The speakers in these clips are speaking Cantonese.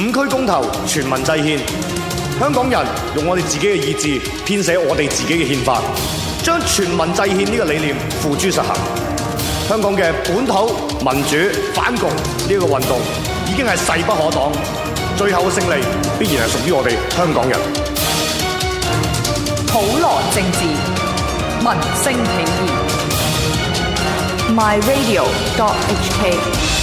五區公投，全民制憲，香港人用我哋自己嘅意志編寫我哋自己嘅憲法，將全民制憲呢個理念付諸實行。香港嘅本土民主反共呢個運動已經係勢不可擋，最後嘅勝利必然係屬於我哋香港人。普羅政治，民生起義。MyRadio.HK。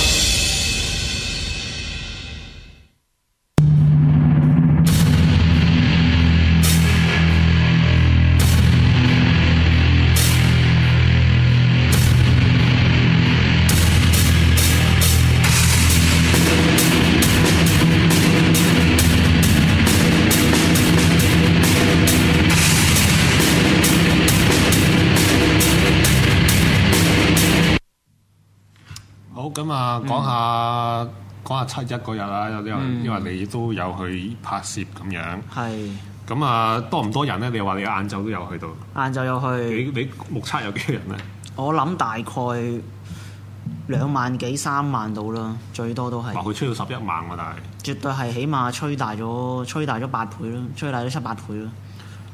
咁啊，講下講、嗯、下七一嗰日啦，有啲因為你都、嗯、有去拍攝咁樣。係是。咁啊，多唔多人咧？你又話你晏晝都有去到。晏晝有去。你你目測有幾多人咧？我諗大概兩萬幾三萬到啦，最多都係。話佢吹到十一萬喎、啊，但係絕對係起碼吹大咗，吹大咗八倍咯，吹大咗七八倍咯。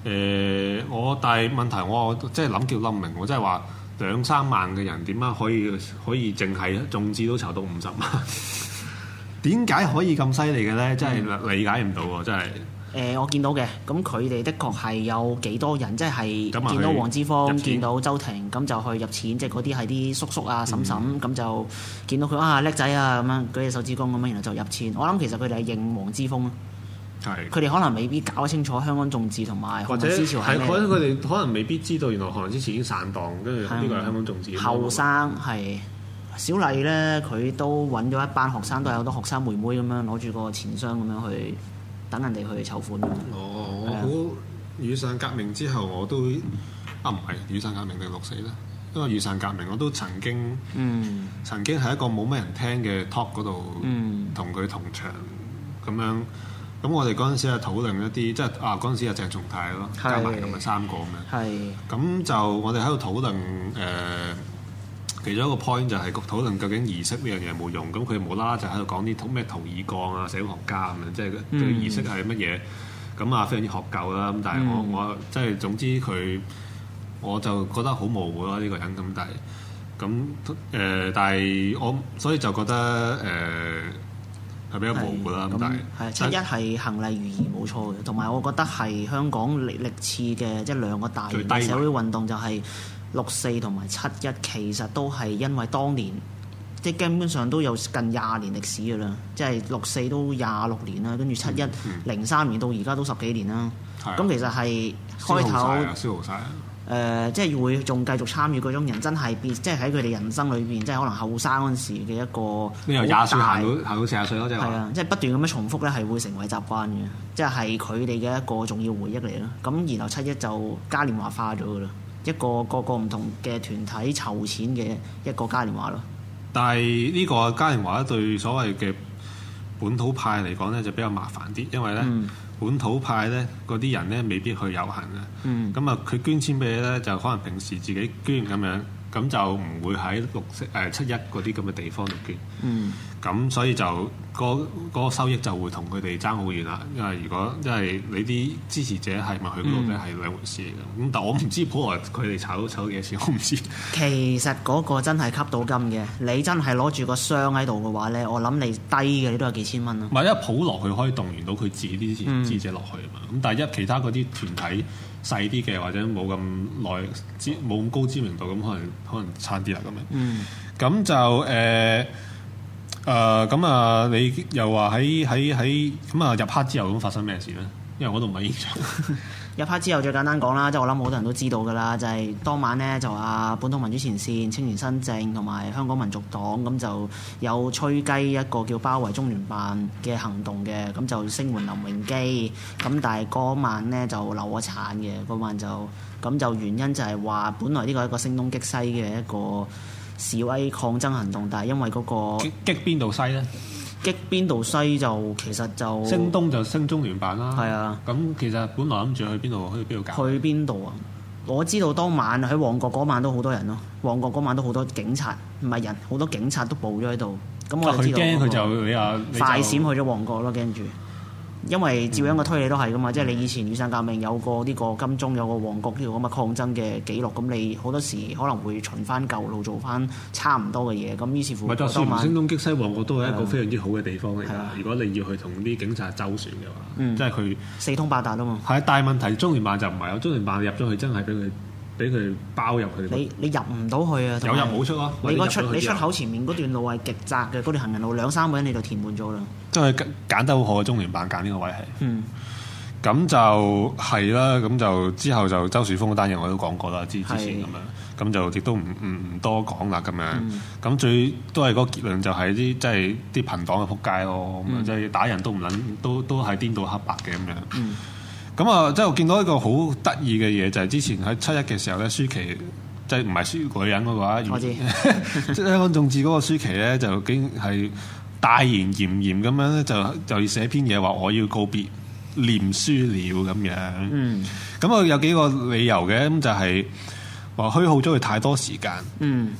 誒、呃，我但係問題，我即係諗叫諗唔明，我即係話。兩三萬嘅人點樣可以可以淨係眾志都籌到五十萬？點 解可以咁犀利嘅咧？真係理解唔到喎！真係。誒，我見到嘅咁佢哋的確係有幾多人，即係見到黃之鋒、見到周庭，咁就去入錢，即係嗰啲係啲叔叔啊、嬸嬸咁、嗯、就見到佢啊叻仔啊咁樣舉起手指公咁樣，然後就入錢。我諗其實佢哋係認黃之鋒。係，佢哋可能未必搞清楚香港眾志同埋學民思潮係佢哋可能未必知道，原來學民思潮已經散檔，跟住呢個係香港眾志後、嗯、生係小麗咧，佢都揾咗一班學生，都有好多學生妹妹咁樣攞住個錢箱咁樣去等人哋去籌款。我我好雨傘革命之後我都，啊唔係雨傘革命定六四啦，因為雨傘革命我都曾經，嗯，曾經喺一個冇乜人聽嘅 talk 嗰度，同佢同場咁樣。咁我哋嗰陣時啊討論一啲，即係啊嗰陣時啊鄭重泰咯，是加埋咁咪三個咁樣。係是。咁就我哋喺度討論誒、呃、其中一個 point 就係、是、討論究竟儀式呢樣嘢冇用？咁佢冇啦啦就喺度講啲咩塗爾幹啊社會學家咁樣，即係嘅儀式係乜嘢？咁啊非常之學究啦。咁但係我我即係總之佢我就覺得好模糊咯呢個人咁，但係咁誒，但係我所以就覺得誒。呃係比較保護啦咁大，係七一係行禮如儀冇錯嘅，同埋我覺得係香港歷歷次嘅即係兩個大型社會運動就係六四同埋七一，其實都係因為當年即係基本上都有近廿年歷史嘅啦，即係六四都廿六年啦，跟住七一、嗯嗯、零三年到而家都十幾年啦，咁的其實係開頭消耗曬，誒、呃，即係會仲繼續參與嗰種人，真係變，即係喺佢哋人生裏邊，即係可能後生嗰陣時嘅一個廿歲行到四十歲，係啊，即係不斷咁樣重複咧，係會成為習慣嘅，即係佢哋嘅一個重要回憶嚟咯。咁然後七一就嘉年華化咗噶啦，一個個個唔同嘅團體籌錢嘅一個嘉年華咯。但係呢個嘉年華對所謂嘅本土派嚟講咧就比較麻煩啲，因為咧、嗯、本土派咧嗰啲人咧未必去遊行嘅，咁啊佢捐錢俾你咧就可能平時自己捐咁樣。.咁就唔會喺六色誒、呃、七一嗰啲咁嘅地方入邊，咁、嗯、所以就嗰、嗰個收益就會同佢哋爭好遠啦。因為如果即係你啲支持者係咪去嗰度咧，係、嗯、兩回事嚟嘅。咁但係我唔知普羅佢哋炒炒幾多錢，我唔知。其實嗰個真係吸到金嘅，你真係攞住個箱喺度嘅話咧，我諗你低嘅都有幾千蚊咯、啊。唔係、嗯，因為普羅佢可以動員到佢自己啲支持者落去啊嘛。咁、嗯、但係一其他嗰啲團體。細啲嘅或者冇咁耐知，冇咁高知名度，咁可能，可能差啲啦咁樣，咁、嗯、就誒誒咁啊！你又話喺喺喺咁啊入黑之後咁發生咩事咧？因為我度唔係現場。入 part 之後，最簡單講啦，即係我諗好多人都知道㗎啦，就係、是、當晚呢，就啊，本土民主前線、青年新政同埋香港民族黨咁就有吹雞一個叫包圍中聯辦嘅行動嘅，咁就聲援林榮基，咁但係嗰晚呢，就流咗產嘅，嗰晚就咁就原因就係話，本來呢個一個聲東擊西嘅一個示威抗爭行動，但係因為嗰、那個擊邊度西呢？激邊度西就其實就，升東就升中聯辦啦。係啊，咁其實本來諗住去邊度去邊度搞？去邊度啊？我知道當晚喺旺角嗰晚都好多人咯，旺角嗰晚都好多警察，唔係人，好多警察都報咗喺度。咁我知。佢驚佢就會快閃去咗旺角咯，跟住。因為照樣個推理都係㗎嘛，嗯、即係你以前雨傘革命有個呢個金鐘有個旺角呢個咁嘅抗爭嘅記錄，咁你好多時可能會循翻舊路做翻差唔多嘅嘢，咁於是乎。聲東擊西旺角都係一個非常之好嘅地方嚟㗎。的如果你要去同啲警察周旋嘅話，的即係佢四通八達啊嘛。係啊，大問題中聯辦就唔係，我中聯辦入咗去真係俾佢。俾佢包入去，你你入唔到去啊！有，有入冇出啊？你出你，你出口前面嗰段路係極窄嘅，嗰段行人路兩三個人你就填滿咗啦。都係揀得好，好嘅中聯辦揀呢個位係。嗯。咁就係啦，咁就之後就周樹峰單嘢我都講過啦，之之前咁樣，咁是的 就亦、嗯、都唔唔多講啦咁樣。咁最都係個結論就係啲即係啲朋黨嘅撲街咯，即係、嗯、打人都唔撚，都都係顛倒黑白嘅咁樣。嗯嗯咁啊，即係、嗯、我見到一個好得意嘅嘢，就係、是、之前喺七一嘅時候咧，舒琪即係唔係舒女人嗰、那個啊？我知。即係香港眾志嗰個舒琪咧，就竟係大言炎炎咁樣咧，就就要寫篇嘢話我要告別臉書了咁樣。嗯。咁啊，有幾個理由嘅，咁就係、是、話虛耗咗佢太多時間。嗯。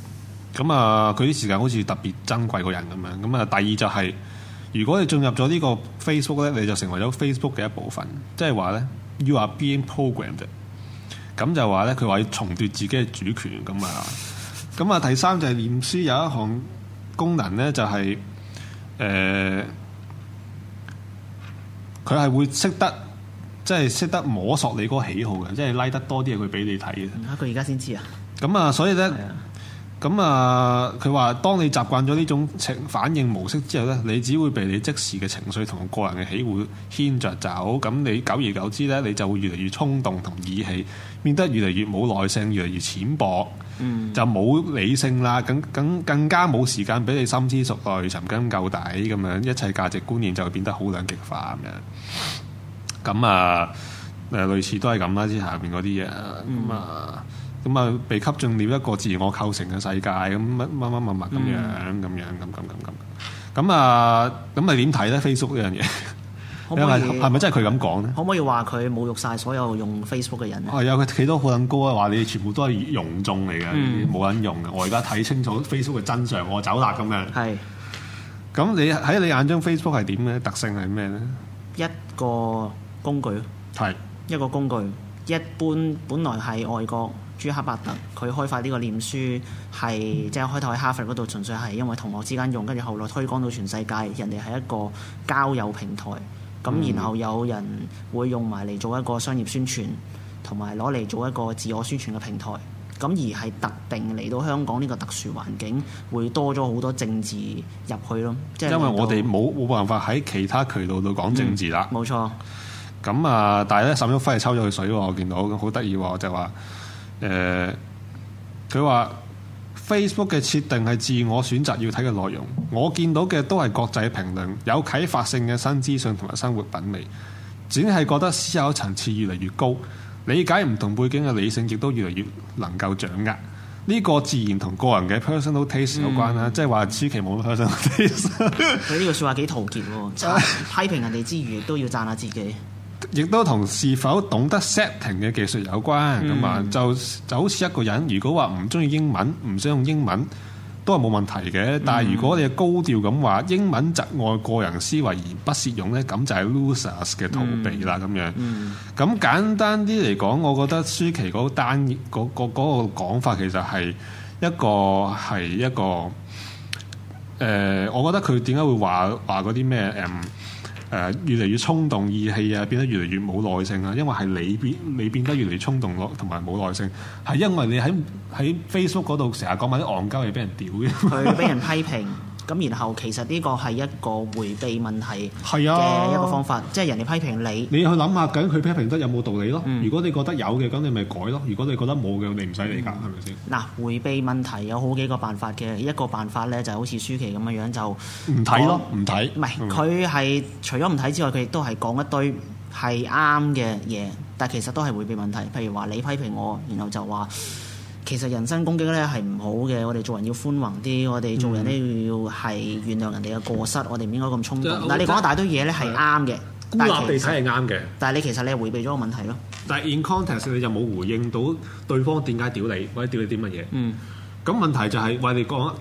咁啊，佢啲時間好似特別珍貴個人咁樣。咁啊，第二就係、是。如果你進入咗呢個 Facebook 咧，你就成為咗 Facebook 嘅一部分。即係話咧，you are being programmed。咁就話、是、咧，佢話要重奪自己嘅主權咁啊。咁啊，第三就係臉書有一項功能咧，就係、是、誒，佢、呃、係會識得，即係識得摸索你嗰個喜好嘅，即係拉得多啲嘢佢俾你睇嘅。佢而家先知啊。咁啊，所以咧。咁啊，佢話、嗯：當你習慣咗呢種情反應模式之後咧，你只會被你即時嘅情緒同個人嘅喜惡牽着走。咁你久而久之咧，你就會越嚟越衝動同意氣，變得越嚟越冇耐性，越嚟越淺薄，嗯、就冇理性啦。咁咁更，更加冇時間俾你深思熟慮、尋根究底咁樣，一切價值觀念就會變得好兩極化咁樣。咁啊，誒類似都係咁啦，之下邊嗰啲嘢咁啊。嗯咁啊，被吸進了一個自我構成嘅世界，咁乜乜乜咁樣，咁樣，咁咁咁咁。咁啊，咁咪點睇咧？Facebook 呢樣嘢，你係係咪真係佢咁講咧？可唔可以話佢 侮辱晒所有用 Facebook 嘅人咧、哦？有佢幾多好撚歌啊？話你哋全部都係庸眾嚟嘅，冇 人用嘅。我而家睇清楚 Facebook 嘅真相，我走啦咁樣。係咁是，你喺你眼中 Facebook 係點嘅？特性係咩咧？一個工具，係是一個工具。一般本來係外國。朱克伯特佢開發呢個臉書係即係開頭喺哈佛嗰度，純粹係因為同學之間用，跟住後來推廣到全世界。人哋係一個交友平台，咁然後有人會用埋嚟做一個商業宣傳，同埋攞嚟做一個自我宣傳嘅平台。咁而係特定嚟到香港呢個特殊環境，會多咗好多政治入去咯。即係因為我哋冇冇辦法喺其他渠道度講政治啦。冇、嗯、錯咁啊，但係咧，沈旭暉係抽咗佢水喎，我見到好得意喎，就係話。誒，佢話、呃、Facebook 嘅設定係自我選擇要睇嘅內容，我見到嘅都係國際評論，有啟發性嘅新資訊同埋生活品味，只係覺得思考層次越嚟越高，理解唔同背景嘅理性亦都越嚟越能夠掌握。呢、這個自然同個人嘅 personal taste 有關啦，嗯、即係話舒琪冇乜 personal taste。佢 呢 個說話幾陶傑，批評人哋之餘都要讚下自己。亦都同是否懂得 setting 嘅技術有關，咁啊、嗯、就就好似一個人，如果話唔中意英文，唔想用英文，都係冇問題嘅。但係如果你高調咁話、嗯、英文窒礙個人思維而不涉用咧，咁就係 losers 嘅逃避啦。咁、嗯、樣咁、嗯、簡單啲嚟講，我覺得舒琪嗰單嗰嗰、嗰個講、嗰個、法其實係一個係一個誒、呃，我覺得佢點解會話話嗰啲咩誒？誒、呃、越嚟越衝動、意氣啊，變得越嚟越冇耐性啦。因為係你變，你變得越嚟越衝動咯，同埋冇耐性，係因為你喺喺 Facebook 嗰度成日講埋啲戇鳩嘢，俾人屌嘅。佢俾人批評。 咁然後其實呢個係一個迴避問題嘅一個方法，啊、即係人哋批評你，你去諗下究竟佢批評得有冇道理咯。嗯如，如果你覺得有嘅，咁你咪改咯；如果你覺得冇嘅，你唔使理㗎，係咪先？嗱，迴避問題有好幾個辦法嘅，一個辦法咧就係、好似舒琪咁樣樣就唔睇咯，唔睇。唔係佢係除咗唔睇之外，佢亦都係講一堆係啱嘅嘢，但其實都係迴避問題。譬如話你批評我，然後就話。其實人身攻擊咧係唔好嘅，我哋做人要寬宏啲，我哋做人咧要係原諒人哋嘅過失，我哋唔應該咁衝動。嗯、但你講一大堆嘢咧係啱嘅，孤立、呃呃呃、地睇係啱嘅。但係你其實你係回避咗個問題咯。但係 in context，你就冇回應到對方點解屌你，或者屌你啲乜嘢。嗯。咁問題就係、是、我你講，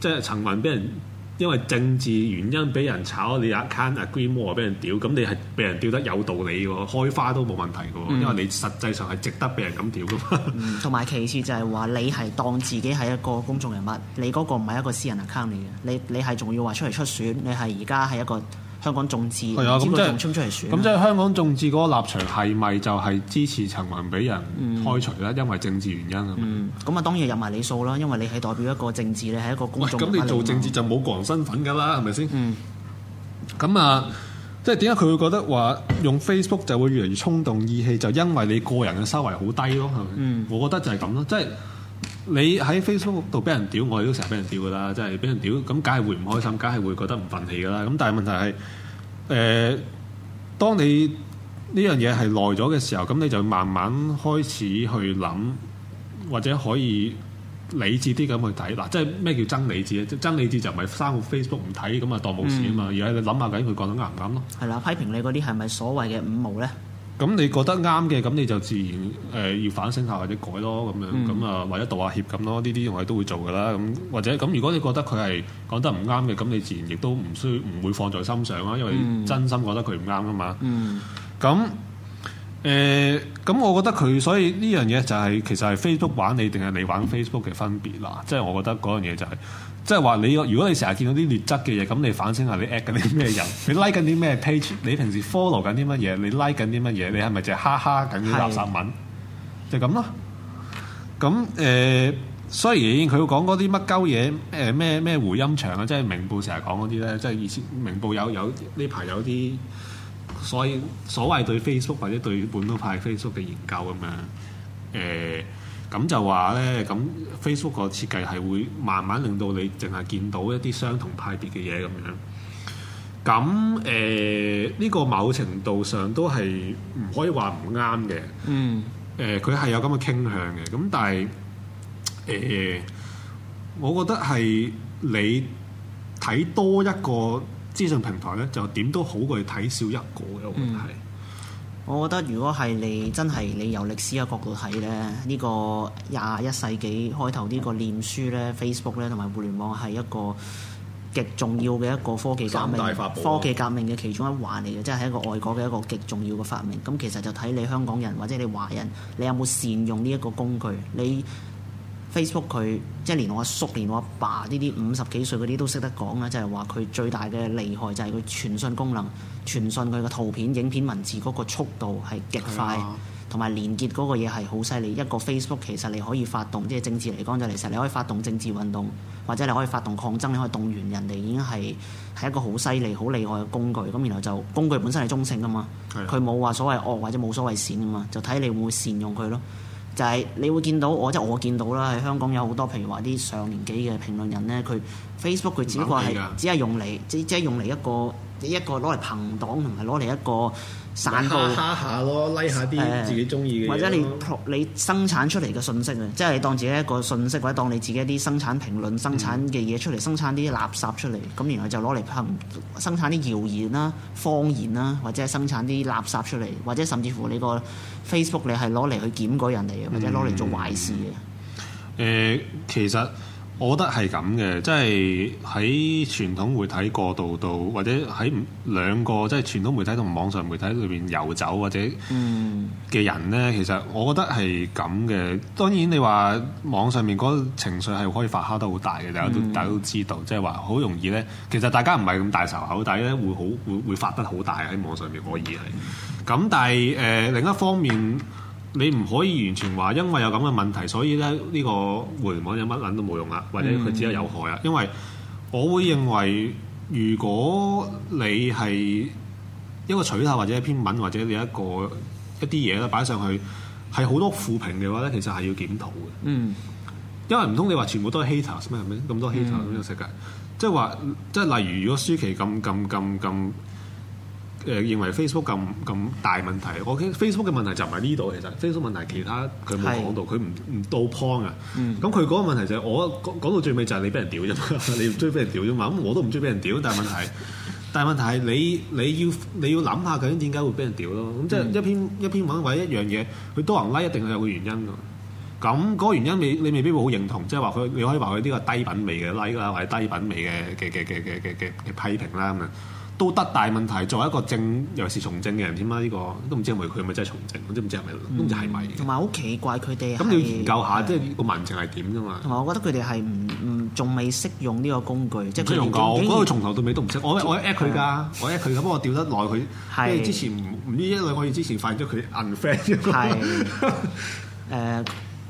即係陳雲俾人。因為政治原因俾人炒，你 account agree more 俾人屌，咁你係俾人屌得有道理嘅喎，開花都冇問題嘅喎，嗯、因為你實際上係值得俾人咁屌嘅嘛。同 埋、嗯、其次就係話你係當自己係一個公眾人物，你嗰個唔係一個私人 account 嚟嘅，你你係仲要話出嚟出選，你係而家係一個。香港眾志，咁的即係香港眾志嗰個立場係咪就係支持陳雲俾人開除啦？嗯、因為政治原因啊嘛。咁啊、嗯嗯、當然入埋你數啦，因為你係代表一個政治，你係一個公眾員。喂，咁你做政治就冇個人身份噶啦，係咪先？嗯。咁啊，即係點解佢會覺得話用 Facebook 就會越嚟越衝動、意氣？就因為你個人嘅收圍好低咯，係咪？嗯、我覺得就係咁咯，即係。你喺 Facebook 度俾人屌，我哋都成日俾人屌噶啦，即係俾人屌，咁梗係會唔開心，梗係會覺得唔憤氣噶啦。咁但係問題係，誒、呃，當你呢樣嘢係耐咗嘅時候，咁你就慢慢開始去諗，或者可以理智啲咁去睇。嗱、啊，即係咩叫真理智咧？即真理智就唔係刪個 Facebook 唔睇，咁啊當冇事啊嘛。嗯、而係你諗下究竟佢講得啱唔啱咯？係啦，批評你嗰啲係咪所謂嘅五毛咧？咁你覺得啱嘅，咁你就自然誒、呃、要反省下或者改咯咁樣，咁啊、嗯、或者道下歉咁咯，呢啲我哋都會做噶啦咁，或者咁如果你覺得佢係講得唔啱嘅，咁你自然亦都唔需唔會放在心上啦，因為真心覺得佢唔啱吖嘛。嗯。咁。誒咁，呃、我覺得佢所以呢樣嘢就係、是、其實係 Facebook 玩你定係你玩 Facebook 嘅分別啦。即係我覺得嗰樣嘢就係、是，即係話你，如果你成日見到啲劣質嘅嘢，咁你反省下你 at 緊啲咩人，你 like 緊啲咩 page，你平時 follow 緊啲乜嘢，你 like 緊啲乜嘢，你係咪就係哈哈緊啲垃圾文？的就咁咯。咁誒，雖然佢講嗰啲乜鳩嘢誒咩咩迴音牆啊，即係明報成日講嗰啲咧，即係以前明報有有呢排有啲。所以所謂對 Facebook 或者對本土派 Facebook 嘅研究咁樣，誒、呃、咁就話咧，咁 Facebook 個設計係會慢慢令到你淨係見到一啲相同派別嘅嘢咁樣。咁誒呢個某程度上都係唔可以話唔啱嘅。嗯。誒、呃，佢係有咁嘅傾向嘅。咁但係誒、呃，我覺得係你睇多一個。資訊平台咧就點都好過睇少一個嘅。我覺得係，我覺得如果係你真係你由歷史嘅角度睇咧，呢個廿一世紀開頭呢個臉書咧、Facebook 咧同埋互聯網係一個極重要嘅一個科技革命、科技革命嘅其中一環嚟嘅，即係一個外國嘅一個極重要嘅發明。咁其實就睇你香港人或者你華人，你有冇善用呢一個工具？你 Facebook 佢即係連我阿叔、連我阿爸呢啲五十幾歲嗰啲都識得講咧，就係話佢最大嘅厲害就係佢傳訊功能、傳訊佢嘅圖片、影片、文字嗰個速度係極快，同埋吧連結嗰個嘢係好犀利。一個 Facebook 其實你可以發動，即係政治嚟講就嚟實你可以發動政治運動，或者你可以發動抗爭，你可以動員人哋，已經係係一個好犀利、好厲害嘅工具。咁然後就工具本身係中性噶嘛，佢冇話所謂惡或者冇所謂善噶嘛，就睇你會唔會善用佢咯。就係你會見到我，即係我見到啦。喺香港有好多，譬如話啲上年紀嘅評論人咧，佢 Facebook 佢只不過係只係用嚟，即即係用嚟一個，一個攞嚟朋黨同埋攞嚟一個。散下蝦下咯，拉、like、下啲自己中意嘅，或者你你生產出嚟嘅信息啊，即係你當自己一個信息，或者當你自己一啲生產評論、生產嘅嘢出嚟、嗯，生產啲垃圾出嚟，咁然後就攞嚟噴，生產啲謠言啦、謊言啦，或者生產啲垃圾出嚟，或者甚至乎你個 Facebook 你係攞嚟去檢舉人哋嘅，或者攞嚟做壞事嘅。誒、嗯呃，其實。我覺得係咁嘅，即係喺傳統媒體過渡到，或者喺兩個即係傳統媒體同網上媒體裏邊遊走或者嘅人咧，嗯、其實我覺得係咁嘅。當然你話網上面嗰情緒係可以發酵得好大嘅，大家都、嗯、大家都知道，即係話好容易咧。其實大家唔係咁大仇口，底係咧會好會會發得好大喺網上面，可以係。咁但係誒、呃、另一方面。你唔可以完全話因為有咁嘅問題，所以咧呢個互聯網有乜撚都冇用啦，或者佢只係有害啊。嗯、因為我會認為，如果你係一個取態或者一篇文或者你一個一啲嘢咧擺上去，係好多負評嘅話咧，其實係要檢討嘅。嗯，因為唔通你話全部都係 hater 咩咩咁多 hater 咁嘅、嗯、世界，即係話即係例如如果舒琪咁咁咁咁。誒認為 Facebook 咁咁大問題，我 Facebook 嘅問題就唔係呢度，其實 Facebook 問題其他佢冇講到，佢唔唔到 point 啊。咁佢嗰個問題就係我講到最尾就係你俾人屌啫嘛，你唔中意俾人屌啫嘛，咁我都唔中意俾人屌，但係問題，但係問題係你你要你要諗下究竟點解會俾人屌咯？咁即係一篇一篇文或者一樣嘢，佢多人 like，一定係有個原因㗎。咁嗰個原因你你未必會好認同，即係話佢你可以話佢呢個低品味嘅 like 啊，或者低品味嘅嘅嘅嘅嘅嘅嘅批評啦咁啊。都得大問題，作為一個政尤其是從政嘅人添啦，呢個都唔知係咪佢係咪真係從政？都唔知係咪，都唔知係咪。同埋好奇怪佢哋。咁你要研究下，即係個民情係點噶嘛？同埋我覺得佢哋係唔唔仲未識用呢個工具，即係佢。佢用過，我覺得從頭到尾都唔識。我我 at 佢㗎，我 at 佢，咁我調得耐佢，因為之前唔唔知因為我之前發現咗佢 unfriend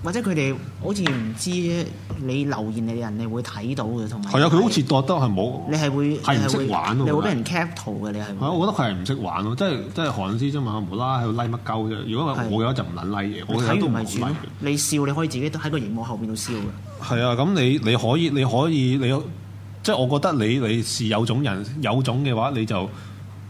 或者佢哋好似唔知你留言嘅人，你會睇到嘅。同埋係啊，佢好似覺得係冇你係會係唔識玩，你會俾人 cap 圖嘅，你係係我覺得佢係唔識玩咯，即係即係韓師啫嘛，無啦喺度拉乜鳩啫。如果我，就的我，我有就唔撚拉嘢，我睇都唔拉。睇的你笑你可以自己喺個螢幕後邊度笑嘅。係啊，咁你你可以你可以你，可以你可以即係我覺得你你是有種人有種嘅話你就。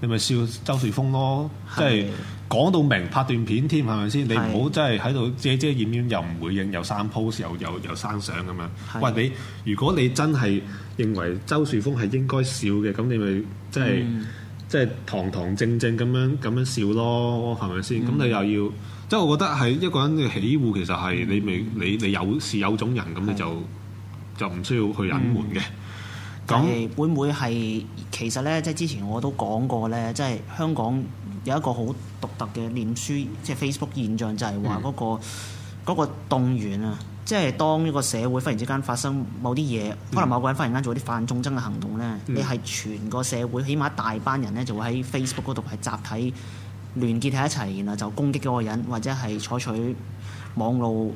你咪笑周樹峰咯，是即係講到明拍段片添，係咪先？你唔好真係喺度遮遮掩掩，又唔回應，又生 pose，又又又生相咁樣。是喂，你如果你真係認為周樹峰係應該笑嘅，咁你咪、就是嗯、即係即係堂堂正正咁樣咁樣笑咯，係咪先？咁、嗯、你又要、嗯、即係我覺得係一個人嘅喜惡，其實係你未你有你,你有是有種人，咁你就就唔需要去隱瞞嘅。係講會唔會係其實咧，即係之前我都講過咧，即係香港有一個好獨特嘅臉書，即、就、係、是、Facebook 現象，就係話嗰個嗰、嗯、個動員啊，即係當一個社會忽然之間發生某啲嘢，嗯、可能某個人忽然間做啲犯眾憎嘅行動咧，嗯、你係全個社會，起碼一大班人咧就會喺 Facebook 嗰度係集體聯結喺一齊，然後就攻擊嗰個人，或者係採取網路。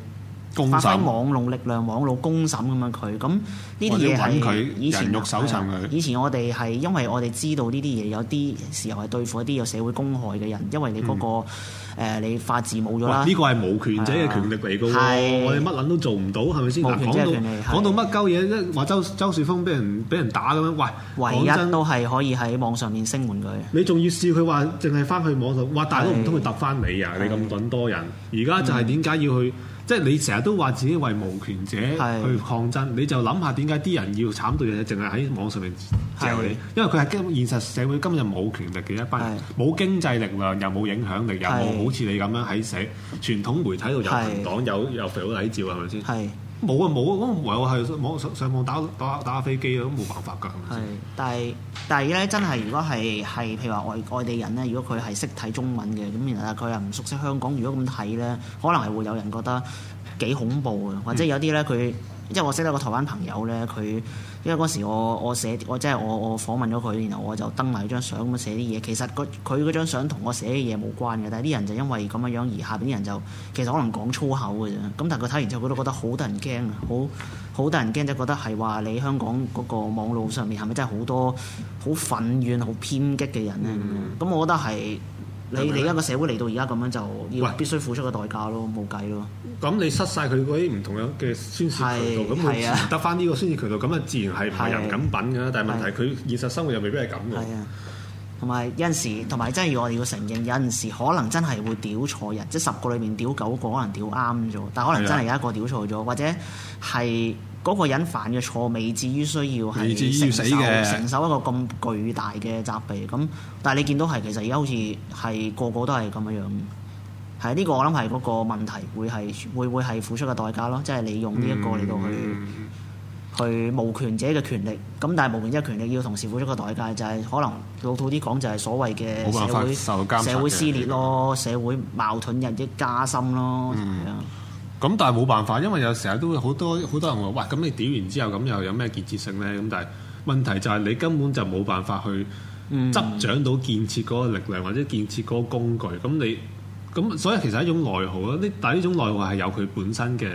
發揮網絡力量，網絡公審咁樣佢，咁呢啲嘢係人肉搜尋佢。以前我哋係因為我哋知道呢啲嘢，有啲時候係對付一啲有社會公害嘅人，因為你嗰個誒你法治冇咗啦。呢個係無權者嘅權力嚟㗎喎，我哋乜撚都做唔到係咪先？無權者權力。講到乜鳩嘢？一話周周樹鋒俾人俾人打咁樣，喂，唯一都係可以喺網上面聲援佢。你仲要試佢話，淨係翻去網上話，大佬唔通佢揼翻你呀？你咁揾多人，而家就係點解要去？即係你成日都話自己為無權者去抗爭，是的 你就諗下點解啲人要慘到嘅，淨係喺網上面藉你，是的 因為佢係根本現實社會今日冇權力嘅一班人，冇經濟力量又冇影響力，是的 又冇好似你咁樣喺社傳統媒體度有權黨是的 有有肥佬黎照係咪先？冇啊冇，啊，咁、啊、唯有係上網上上網打打打下飛機啊，都冇辦法㗎。係，但係但係咧，真係如果係係譬如話外外地人咧，如果佢係識睇中文嘅咁，然後佢又唔熟悉香港，如果咁睇咧，可能係會有人覺得幾恐怖啊，或者有啲咧佢。因為我識得個台灣朋友咧，佢因為嗰時我我寫我即係我我訪問咗佢，然後我就登埋張相咁樣寫啲嘢。其實佢嗰張相同我寫嘅嘢冇關嘅，但係啲人就因為咁樣樣而下邊啲人就其實可能講粗口嘅啫。咁但係佢睇完之後，佢都覺得好得人驚啊！好好得人驚，就覺得係話你香港嗰個網路上面係咪真係好多好憤怨、好偏激嘅人咧？咁、嗯、我覺得係。你嚟一個社會嚟到而家咁樣就要必須付出個代價咯，冇計咯。咁你失晒佢嗰啲唔同樣嘅宣洩渠道，咁佢得翻呢個宣洩渠道，咁啊的自然係唔人咁品嘅？的但係問題佢現實生活又未必係咁嘅。係啊，同埋有陣時，同埋真係要我哋要承認，有陣時可能真係會屌錯人，即係十個裏面屌九個可能屌啱咗，但係可能真係有一個屌錯咗，或者係。嗰個人犯嘅錯未至於需要係至承受死的 承受一個咁巨大嘅責備，咁但係你見到係其實而家好似係個個都係咁樣樣，係呢、這個我諗係嗰個問題會係會會係付出嘅代價咯，即係你用呢一個嚟到去、嗯、去無權者嘅權力，咁但係無權者嘅權力要同時付出嘅代價就係、是、可能老土啲講就係所謂嘅社會社會撕裂咯，社會矛盾日益加深咯，係啊、嗯。咁但係冇辦法，因為有時候都會好多好多人話，哇！咁你屌完之後，咁又有咩建設性咧？咁但係問題就係你根本就冇辦法去執掌到建設嗰個力量，或者建設嗰個工具。咁你咁所以其實係一種內耗咯。呢但係呢種內耗係有佢本身嘅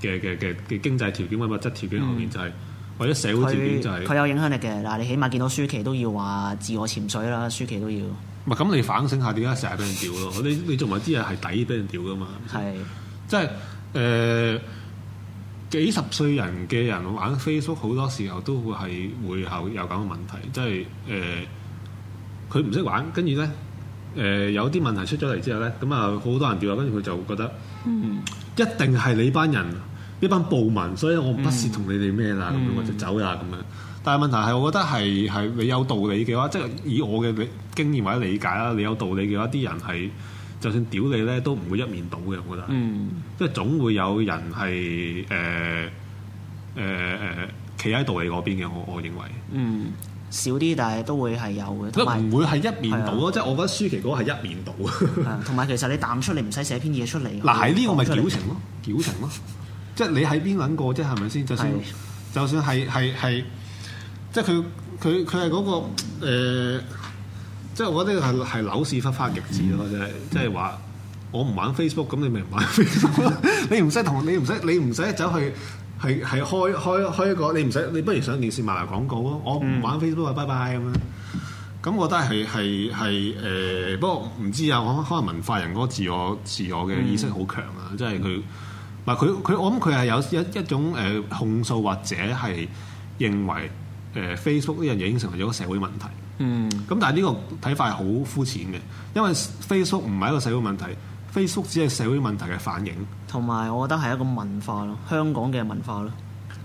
嘅嘅嘅嘅經濟條件或者物質條件後面就係、是、或者社會條件就係、是、佢有影響力嘅嗱。你起碼見到舒琪都要話自我潛水啦，舒琪都要。唔係咁，你反省下點解成日俾人屌咯？ 你你做埋啲嘢係抵俾人屌噶嘛？係是即係。誒、呃、幾十歲的人嘅人玩 Facebook 好多時候都會係會有有咁嘅問題，即係誒佢唔識玩，跟住咧誒有啲問題出咗嚟之後咧，咁啊好多人掉，跟住佢就會覺得，嗯，一定係你班人一班暴民，所以我不屑同你哋咩啦，咁樣我就走啦咁樣。但係問題係，我覺得係係你有道理嘅話，即係以我嘅經驗或者理解啦，你有道理嘅話，啲人係。就算屌你咧，都唔會一面倒嘅，我覺得，即係總會有人係誒誒誒，企喺道理嗰邊嘅，我我認為，嗯，少啲，但係都會係有嘅，同埋唔會係一面倒咯，即係我覺得舒琪嗰個係一面倒，同埋其實你彈出嚟唔使寫篇嘢出嚟，嗱喺呢個咪矯情咯，矯情咯，即係你喺邊撚過啫，係咪先？就算就算係係係，即係佢佢佢係嗰個即係我覺得係係樓市忽花極致咯，就係即係話我唔玩 Facebook，咁你咪唔玩 Facebook 咯。 你唔使同你唔使你唔使走去係係開開開一個，你唔使你不如上電視賣下廣告咯。我唔玩 Facebook 啊，拜拜咁樣。咁我覺得係係係誒，呃、不過唔知啊，我可能文化人嗰個自我自我嘅意識好強啊，即係佢唔佢佢我諗佢係有一一種誒控訴或者係認為誒 Facebook 呢樣嘢已經成為咗個社會問題。嗯，咁但係呢個睇法係好膚淺嘅，因為 Facebook 唔係一個社會問題，Facebook 只係社會問題嘅反映。同埋，我覺得係一個文化咯，香港嘅文化咯。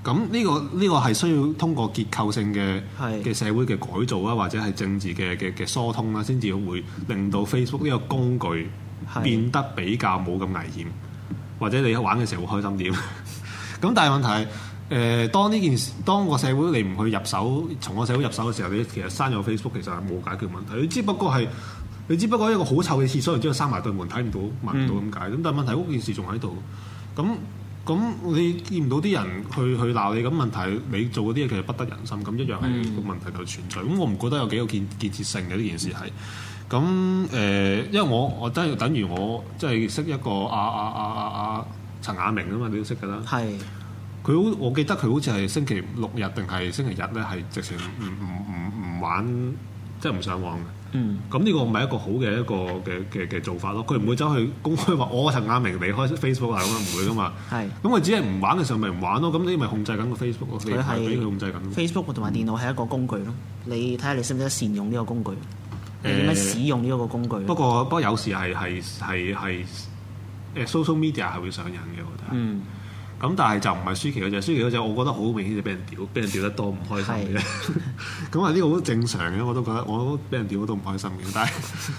咁呢、嗯呢個呢、呢個係需要通過結構性嘅係嘅社會嘅改造啊，是或者係政治嘅嘅嘅疏通啦，先至會令到 Facebook 呢個工具變得比較冇咁危險，的或者你玩嘅時候會開心啲。咁 但係問題係。誒，當呢件事，當個社會你唔去入手，從個社會入手嘅時候，你其實刪咗 Facebook，其實係冇解決問題。你只不過係，你只不過一個好臭嘅廁所，然之後閂埋對門，睇唔到，聞唔到咁解。咁、嗯、但係問題，嗰件事仲喺度。咁咁，你見唔到啲人去去鬧你，咁問題你做嗰啲嘢其實不得人心。咁一樣係個、嗯、問題就存在。咁我唔覺得有幾有建建設性嘅呢、嗯、件事係。咁誒、呃，因為我我真係等如我即係識一個阿阿阿阿阿陳雅明啊嘛，你都識㗎啦。係。佢好，我記得佢好似係星期六日定係星期日咧，係直情唔唔唔唔玩，即係唔上網嘅。嗯，咁呢個唔係一個好嘅一個嘅嘅嘅做法咯。佢唔會走去公開話我陳亞明離開 Facebook 啊咁啊，唔會噶嘛。係是，咁佢只係唔玩嘅時候咪唔玩咯。咁你咪控制緊個 for Facebook。俾佢控制緊 Facebook 同埋電腦係一個工具咯。你睇下你識唔識得善用呢個工具，對你點樣使用呢個工具。不過、就是嗯、不過有時係係係係 social media 係會上癮嘅，我覺得。嗯。咁但係就唔係舒琪嗰隻，舒琪嗰隻我覺得好明顯就俾人屌，俾 人屌得多唔開心嘅。咁啊呢個好正常嘅，我都覺得我俾人屌我都唔開心嘅。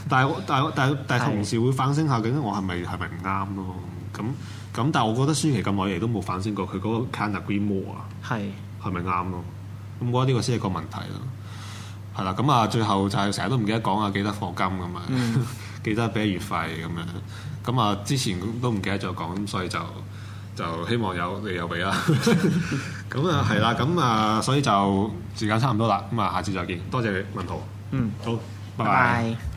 但係但係但係但係同時會反省下嘅，我係咪係咪唔啱咯？咁咁但係我覺得舒琪咁耐嚟都冇反省過佢嗰，那個 can't agree more 啊 是，係係咪啱咯？咁我覺得呢個先係個問題咯啦。係啦，咁啊最後就係成日都唔記得講啊，記得課金咁啊，嗯、 記得俾月費咁樣。咁啊之前都唔記得再講，所以就。就希望有你有俾啦，咁啊係啦，咁啊所以就時間差唔多啦，咁啊下次再見，多謝你文豪。嗯，好，拜拜。拜拜。